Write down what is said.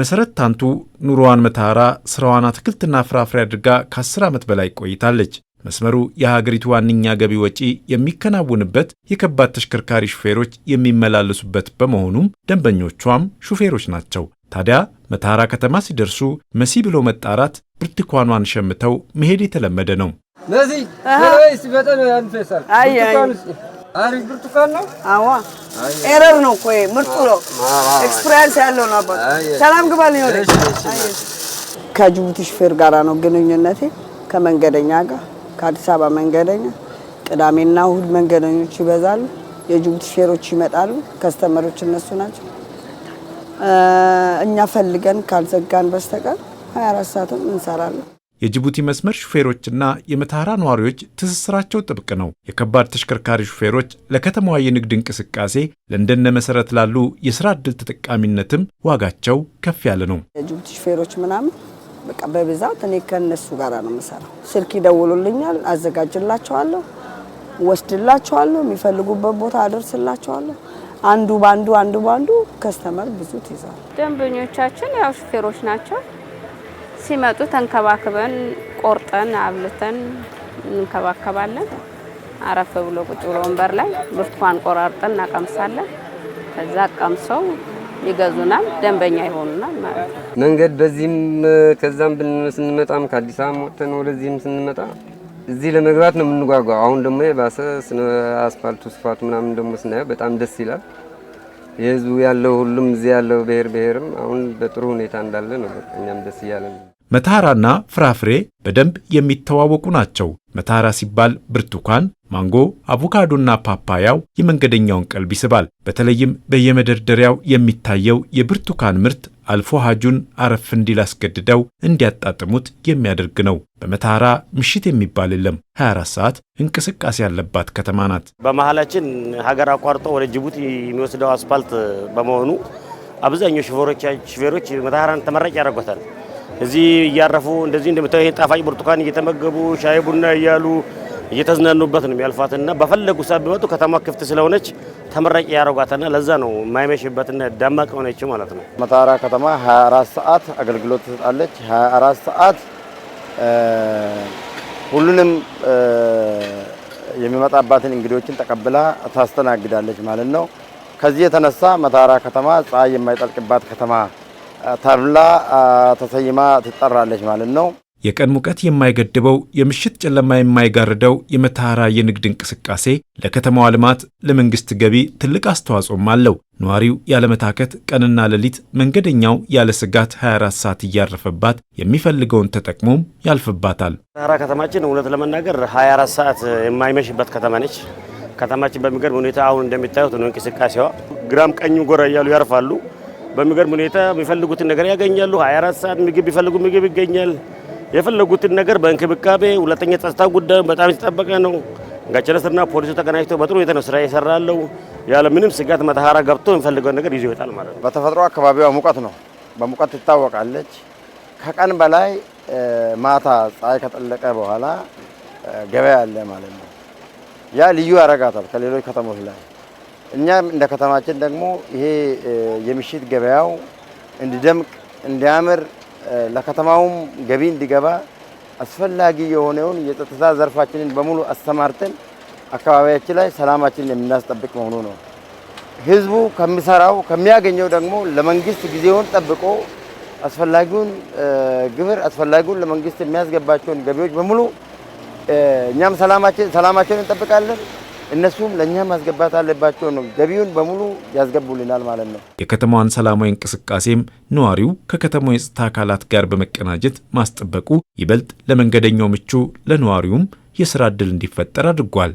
መሰረት ታንቱ ኑሮዋን መታራ ስራዋን አትክልትና ፍራፍሬ አድርጋ ከ10 ዓመት በላይ ቆይታለች። መስመሩ የሀገሪቱ ዋነኛ ገቢ ወጪ የሚከናወንበት የከባድ ተሽከርካሪ ሹፌሮች የሚመላለሱበት በመሆኑም ደንበኞቿም ሹፌሮች ናቸው። ታዲያ መታራ ከተማ ሲደርሱ መሲ ብሎ መጣራት ብርቱካኗን ሸምተው መሄድ የተለመደ ነው። አሪፍ ብርቱካን ነው። አዎ ኤረር ነው እኮ ምርጡ ነው። ኤክስፒሪያንስ ያለው ነው። አባት ሰላም ከጅቡቲ ሹፌር ጋራ ነው ግንኙነቴ ከመንገደኛ ጋር ከአዲስ አበባ መንገደኛ ቅዳሜና እሁድ መንገደኞች ይበዛሉ። የጅቡቲ ሹፌሮች ይመጣሉ። ከስተመሮች እነሱ ናቸው። እኛ ፈልገን ካልዘጋን በስተቀር 24 ሰዓትም እንሰራለን። የጅቡቲ መስመር ሹፌሮችና የመተሐራ ነዋሪዎች ትስስራቸው ጥብቅ ነው። የከባድ ተሽከርካሪ ሹፌሮች ለከተማዋ የንግድ እንቅስቃሴ፣ ለእንደነ መሰረት ላሉ የስራ ዕድል ተጠቃሚነትም ዋጋቸው ከፍ ያለ ነው። የጅቡቲ ሹፌሮች ምናምን በቃ በብዛት እኔ ከነሱ ጋር ነው የምሰራው። ስልክ ይደውሉልኛል፣ አዘጋጅላቸዋለሁ፣ ወስድላቸዋለሁ፣ የሚፈልጉበት ቦታ አደርስላቸዋለሁ። አንዱ በአንዱ አንዱ በአንዱ ከስተመር ብዙ ትይዛል። ደንበኞቻችን ያው ሹፌሮች ናቸው። ሲመጡ ተንከባክበን ቆርጠን አብልተን እንከባከባለን። አረፍ ብሎ ቁጭ ብሎ ወንበር ላይ ብርቱካን ቆራርጠን እናቀምሳለን። ከዛ ቀምሰው ይገዙናል፣ ደንበኛ ይሆኑናል ማለት ነው። መንገድ በዚህም ከዛም ስንመጣም ከአዲስ አበባ ወጥተን ወደዚህም ስንመጣ እዚህ ለመግባት ነው የምንጓጓው። አሁን ደግሞ የባሰ አስፋልቱ ስፋቱ ምናምን ደግሞ ስናየው በጣም ደስ ይላል። የህዝቡ ያለው ሁሉም እዚህ ያለው ብሔር ብሔርም አሁን በጥሩ ሁኔታ እንዳለ ነው። እኛም ደስ እያለን መታራና ፍራፍሬ በደንብ የሚተዋወቁ ናቸው። መታራ ሲባል ብርቱካን፣ ማንጎ፣ አቮካዶና ፓፓያው የመንገደኛውን ቀልብ ይስባል። በተለይም በየመደርደሪያው የሚታየው የብርቱካን ምርት አልፎ ሀጁን አረፍ እንዲል አስገድደው እንዲያጣጥሙት የሚያደርግ ነው። በመታራ ምሽት የሚባል የለም። 24 ሰዓት እንቅስቃሴ ያለባት ከተማ ናት። በመሀላችን ሀገር አቋርጦ ወደ ጅቡቲ የሚወስደው አስፋልት በመሆኑ አብዛኛው ሽፌሮች መታራን ተመራጭ ያደርጎታል። እዚህ እያረፉ እንደዚህ እንደምታዩ ጣፋጭ ብርቱካን እየተመገቡ ሻይ ቡና እያሉ እየተዝናኑበት ነው የሚያልፏት እና በፈለጉ ሰዓት ቢመጡ ከተማ ክፍት ስለሆነች ተመራቂ ያደረጓትና ለዛ ነው የማይመሽበትና ደማቅ ሆነች ማለት ነው። መታራ ከተማ 24 ሰዓት አገልግሎት ትሰጣለች። 24 ሰዓት ሁሉንም የሚመጣባትን እንግዶችን ተቀብላ ታስተናግዳለች ማለት ነው። ከዚህ የተነሳ መታራ ከተማ ፀሐይ የማይጠልቅባት ከተማ ተብላ ተሰይማ ትጠራለች ማለት ነው። የቀን ሙቀት የማይገድበው የምሽት ጨለማ የማይጋርደው የመተሐራ የንግድ እንቅስቃሴ ለከተማዋ ልማት፣ ለመንግስት ገቢ ትልቅ አስተዋጽኦም አለው። ነዋሪው ያለመታከት ቀንና ሌሊት፣ መንገደኛው ያለ ስጋት 24 ሰዓት እያረፈባት የሚፈልገውን ተጠቅሞም ያልፍባታል። መተሐራ ከተማችን እውነት ለመናገር 24 ሰዓት የማይመሽበት ከተማ ነች። ከተማችን በሚገርም ሁኔታ አሁን እንደሚታዩት ነው እንቅስቃሴዋ። ግራም ቀኙ ጎራ እያሉ ያርፋሉ። በሚገርም ሁኔታ የሚፈልጉትን ነገር ያገኛሉ። 24 ሰዓት ምግብ ቢፈልጉ ምግብ ይገኛል። የፈለጉትን ነገር በእንክብካቤ። ሁለተኛ ጸጥታ ጉዳዩ በጣም የተጠበቀ ነው። ጋቸለስና ፖሊሱ ተቀናጅተው በጥሩ ሁኔታ ነው ስራ ይሰራለው። ያለ ምንም ስጋት መተሃራ ገብቶ የሚፈልገውን ነገር ይዞ ይወጣል ማለት ነው። በተፈጥሮ አካባቢዋ ሙቀት ነው፣ በሙቀት ትታወቃለች። ከቀን በላይ ማታ ፀሐይ ከጠለቀ በኋላ ገበያ አለ ማለት ነው። ያ ልዩ ያረጋታል ከሌሎች ከተሞች ላይ እኛም እንደ ከተማችን ደግሞ ይሄ የምሽት ገበያው እንዲደምቅ እንዲያምር ለከተማውም ገቢ እንዲገባ አስፈላጊ የሆነውን የጸጥታ ዘርፋችንን በሙሉ አስተማርተን አካባቢያችን ላይ ሰላማችንን የምናስጠብቅ መሆኑ ነው። ህዝቡ ከሚሰራው ከሚያገኘው ደግሞ ለመንግስት ጊዜውን ጠብቆ አስፈላጊውን ግብር አስፈላጊውን ለመንግስት የሚያስገባቸውን ገቢዎች በሙሉ እኛም ሰላማችን ሰላማችን እንጠብቃለን። እነሱም ለእኛ ማስገባት አለባቸው ነው። ገቢውን በሙሉ ያስገቡልናል ማለት ነው። የከተማዋን ሰላማዊ እንቅስቃሴም ነዋሪው ከከተማው የጸጥታ አካላት ጋር በመቀናጀት ማስጠበቁ ይበልጥ ለመንገደኛው ምቹ፣ ለነዋሪውም የስራ እድል እንዲፈጠር አድርጓል።